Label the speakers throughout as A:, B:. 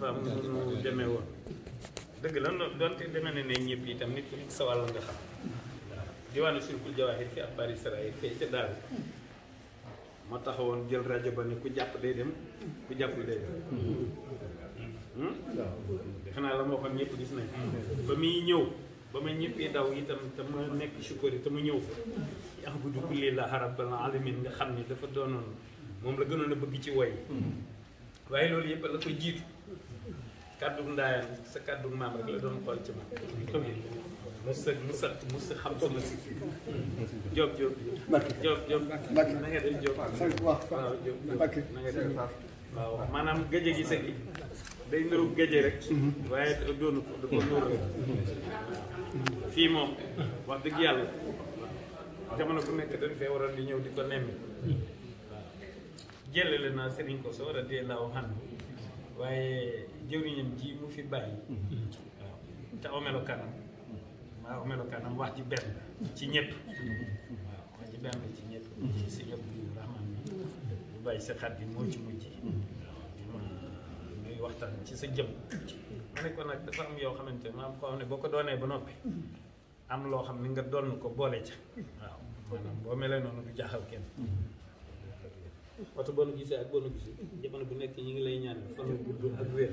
A: waaw mu demee woon dëgg la doonte deme ne ne ñëpp itam nit ku nekk sa wàll nga xam waaw diwaanu surkul jawaahir fi ak bari saraay fee ca daal ma taxawoon jël rajo ba ne ku jàpp day dem ku jàppul day dem defe naa la moo xam ñëpp gis nañ ba muy ñëw ba ma ñëppee daw itam te ma nekk sukkoor yi te mu ñëw fa yax bu du kulli la rabbal alamin nga xam ni dafa doonoon moom la gënoon a bëgg ci woy waaye loolu yëpp la ko jiitu Kadung ndaayam sa kàddu maam rek doon xool ci man mu sa mu sa mu job, job, job. si Diop Diop Diop Diop na nga def gi sëggi day niru gëje rek waaye ko jamono dañ di di ko radiyallahu anhu jëwriñam ji mu fi bàyyi mm-hmm. waaw te aw melokaanam maa aw melokaanam wax ji benn ci ñëpp waaw mm-hmm. wax ji benn ci ñëpp mm-hmm. ci si ñëpp bi rahman bi bu bàyyi sa xat bi moo ci mujj waaw ñuy waxtaan ci sa jëm ma ne ko nag dafa am yoo xamante ma am ko xam ne boo ko doonee ba noppi am loo xam ni nga doon ko boole ca waaw boo melee noonu du jaaxal kenn waxtu boo nu gisee ak boo gisee jamono bu nekk ñi ngi lay ñaan fan gudd ak wér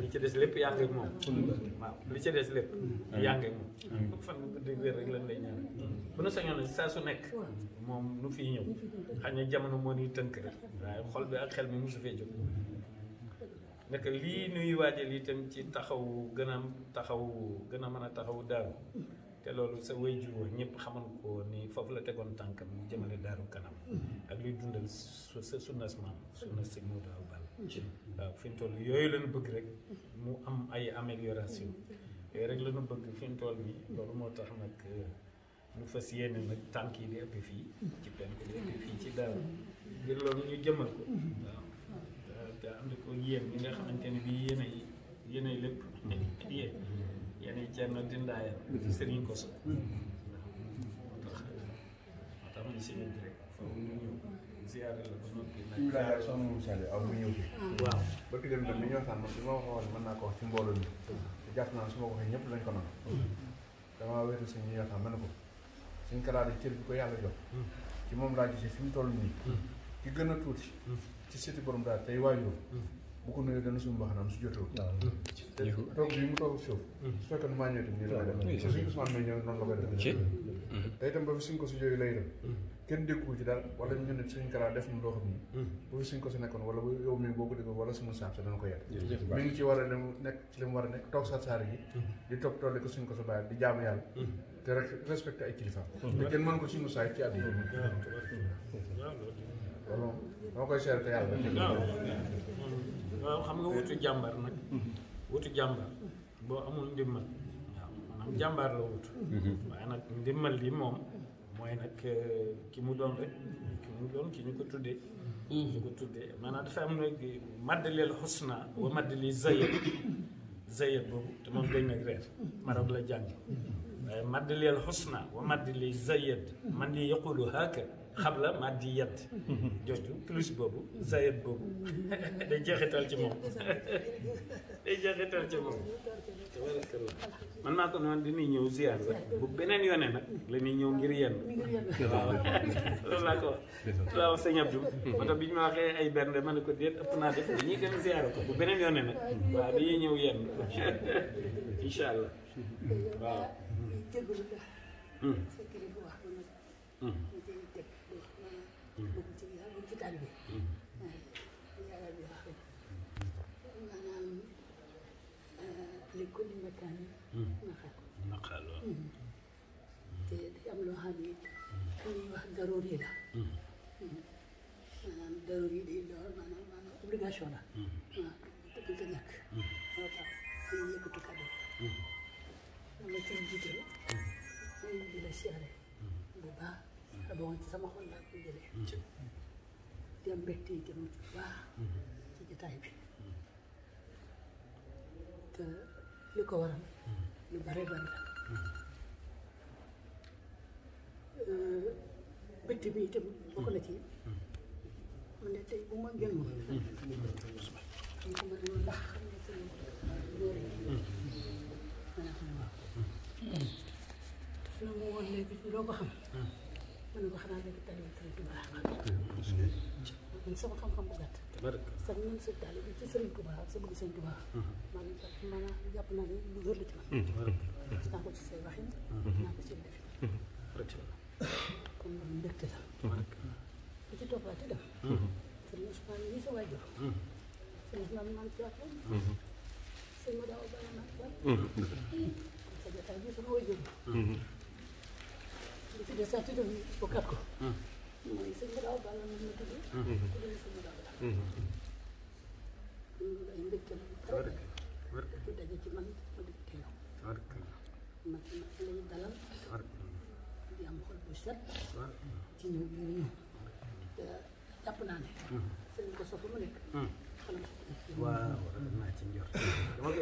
A: li ci des lépp yaa ngi ak moom waaw li ca des lépp yaa ngi ak moom fan bu gudd ak wér rek lan lay ñaan bu nu sañoon saa su nekk moom nu fi ñëw xam ne jamono moo nuy tënk rek waaye xol bi ak xel mi mosu fee jóg naka lii nuy waajal tam ci taxawu gën a taxaw gën a mën a taxaw daal te loolu sa waajur wax ñëpp xamal ko ni foofu la tegoon tànkam ñu jëmale daaru kanam mm-hmm. ak luy dundal su sa sunnas maam sunnas mm-hmm. si Moodu Awa Balla mm-hmm. waaw fi mu toll yooyu lanu bëgg rek mu am ay amélioration yooyu rek lañu bëgg fi mu loolu moo tax nag euh, ñu fas yéene nag tànk yi di ëpp fii ci penk di ëpp fii ci daaru ngir loolu ñu jëmal ko waaw te am na ko yéen ñi nga xamante bi yéen ay yéen ay lépp yéen yéen ay ceeb nag dindaayam ko so moo tax moo tax man sëriñ bi rek foofu ñu ñëw ziyaare la ba noppi nag laa soxna Moussa Diagne man
B: su ma waxoon mën naa ko wax ci mbooloo mi te jàpp naa ma ko waxee ñëpp lañ ko nag damaa wéeru si ñu yoo saan ko suñ kalaat cër ko yàlla ci moom laa gisee fi mu toll nii ki hmm. gën a tuuti hmm. ci sëti borom daal tey waajur hmm. bu ko nuyoo dana suñu mbaax naan su jotoo. waaw toog bi mu toog suuf. Mm. su fekkoon maa ñëw tamit nii la koy koy def. tey itam ba fi ko si jooyu lay def. Mm. kenn déggu ci mm. ko si nekkoon wala ba yow mii ko déggoon wala suñu saab sa dana ko yàq. a dem nekk ci mu war a sa saar yi. di toog tolle ko suñ ko sa bàyyi yàlla. bi. waaw xam nga wutu
A: jàmbar nag wutu jàmbar boo amul ndimmal waaw maanaam jàmbaar la wut waaye nag ndimmal li moom mooy nag eh, ki mu doon rek ki mu doon ki ñu ko tuddee ñu ko tuddee maanaam dafa am nag maddaleel xusna wa maddali zayet zayet boobu te moom dañ nag reer Maroc la jàng waaye maddaleel xusna wa maddali zayet man li yaqulu haaka xam la mat di yett jooju plus boobu zayet boobu
B: day jeexital ci moom
A: day jeexital ci moom tabarakallah man maa ko noonu dañuy ñëw ziar bu beneen yoone nag la ñuy ñëw ngir yenn waaw loolu laa ko wax laa wax sëñ Abdou ma waxee ay bernde ma ne ko déet ëpp naa def dañuy dem ko bu beneen yoone nag waaw dañuy ñëw yenn incha allah waaw
B: buñ ci yàlla buñ ci tànnee. yàlla bi wax maanaam li ko li ma tànn. naqar naqar lool. te day am loo xam ne ñuy wax daroor yi la. maanaam daroor yi day lool maanaam maanaam obligation la. waaw te du ko ñàkk. moo tax ñu yëkkatu kàddu. bon ci sama xol laa ko jëlee di am mbégte yi tamit bu baax mm-hmm. ci jotaay bi te li ko waral mm-hmm. lu bare bari la mbégte mm-hmm. euh, bi itam bokk na ci man de tey bu ma gën ma xam nga loolu baax xam ne sama góor yi maanaam waaw su ma woon léegi doo ko xam ma ne ko xanaa léegi talibe sëriñ Tuuba laa xam man sama xam-xam bu gàtt sax man mmh. sa talibe ci sëriñ Tuuba sa bëgg sëriñ Tuuba maanaam jàpp naa ne lu wér la ci man naa ko ci say waxin naa ko ci defin de sax ci dëgg bokkaat ko. mooy sëñ bi daaw bala moom la tudd. ku dul sëñ bi daaw la. loolu ay mbégte la. war war ci daje ci man ma di teew. war man ma lay dalal. war di am xol bu set. war ci ñëw bi ñu ñëw. te jàpp naa ne. sëñ ko sofu mu nekk. xanaa waaw.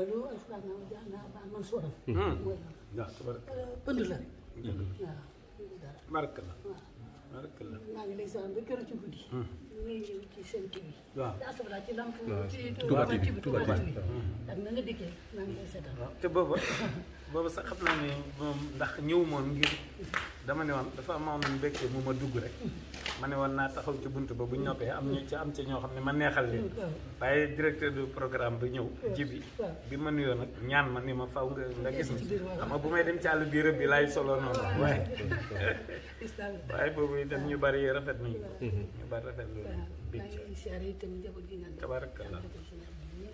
B: loolu alxuraan naa jàng naa ba man sóoram. Hmm. mooy la euh, pënd la rek. Hmm. waaw
A: barakallah barakallah maa
B: ngi lay sant ba keroog ci guddi. muy hmm. ci seen kii bi. waaw te asabala ci lamp. ci tubaab bi tubaab bi ak na nga dikkee maa ngi lay seetal.
A: te booba. boobu sax xam naa ne moom ndax ñëw moon ngir dama ne woon dafa amoon mbégte mu ma dugg rek ma ne woon naa taxaw ci bunt ba bu ñu am ñu ci am ci ñoo xam ne ma neexal leen waaye directeur du programme bi ñëw jibi bi ma nuyoo nag ñaan ma ni ma faw nga nga gis ni xam nga bu may dem ci àll bi rëb bi laay solo noonu waaye waaye boobu itam ñu bari rafet nañu ko ñu bari rafet
B: loolu tabarakallah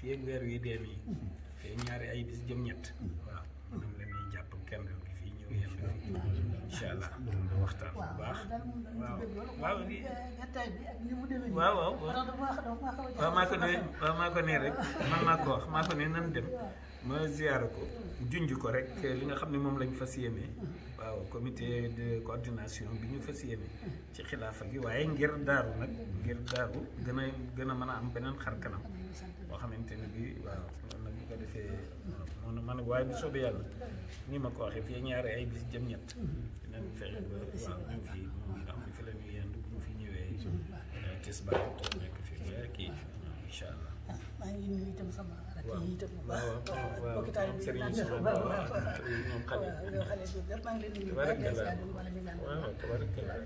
A: fii ak weer wi dee nii fii hmm. ñaari ay bis jëm ñett hmm. waaw maanaam la jàpp kenn gi fii ñëw yenn hmm. incha allah da waxtaan bu baax waaw
B: waaw maa ko ne
A: waaw maa ko ne rek man maa ko wax maa ko ne nan dem ma ziyaara ko junj ko rek li nga xam ne moom lañ fas yéene waaw comité de coordination bi ñu fas yéene ci xilaafa gi waaye ngir daaru nag ngir daaru gën a gën a mën a am beneen xar kanam boo xamante ne bii waaw noonu nag bu ko defee man man waaye bu soobee yàlla ni ma ko waxee fii ñaari ay bis jëm ñett dinañ fexe ba waaw ñu fi ñu am fi la ñuy yend bu fi ñëwee tisbaar mm-hmm. euh, nekk fi ba kii incha allah.
B: Ah, maa ngi nuyu itam waaw waaw waaw waaw Serigne Ousmane waaw waaw ñoom xale yi. tabarakallah waaw
A: tabarakallah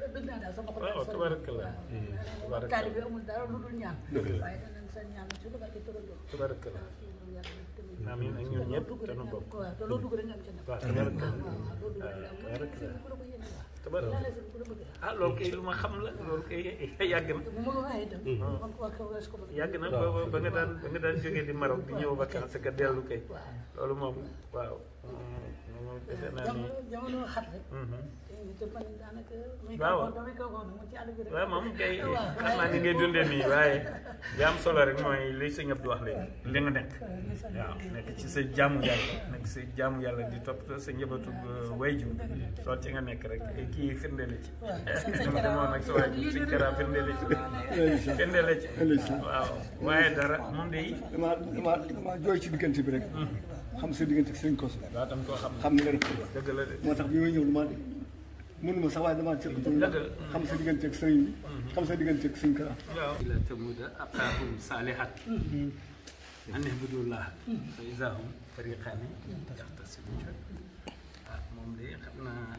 A: waaw
B: tabarakallah. tabarakallah. amiin ak ñun ñëpp te nu bokk. waaw tabarakallah.
A: tabar ah loolu kay di Maroc sa eh?
B: mhm. di
A: wayju loolu ci nga nekk rek kii firnde ci. dama nag sa waa ji karaa firnde ci. firnde la ci. waaye dara moom day. damaa damaa damaa jooy ci diggante bi rek. Hmm.
B: xam sa diggante ak sëñ ko waaw dama koo xam xam nga def ko. de moo tax bi may ñëw damaa de. mënuma sax waaye damaa cëkk tuuti xam sa diggante ak sëriñ bi hmm. xam sa diggante ak sëriñ Kara
A: ila tamuuda aqaahum saalihat hmm. an ihbudullah fa iza hum fariqaani yaxtasimuun ah,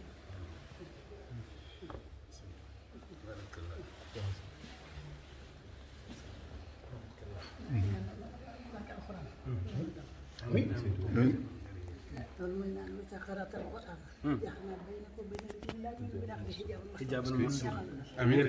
B: Oui. oui. Amin.